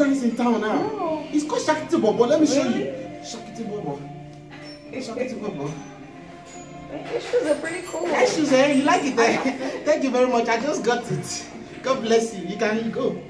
guys in town now. No. It's called Shakiti Bobo. Let me really? show you. Shakiti Bobo. Shakiti Bobo. Your eh, eh, shoes are pretty cool. Your eh, shoes, eh? You like it? Eh? Thank you very much. I just got it. God bless you. You can go.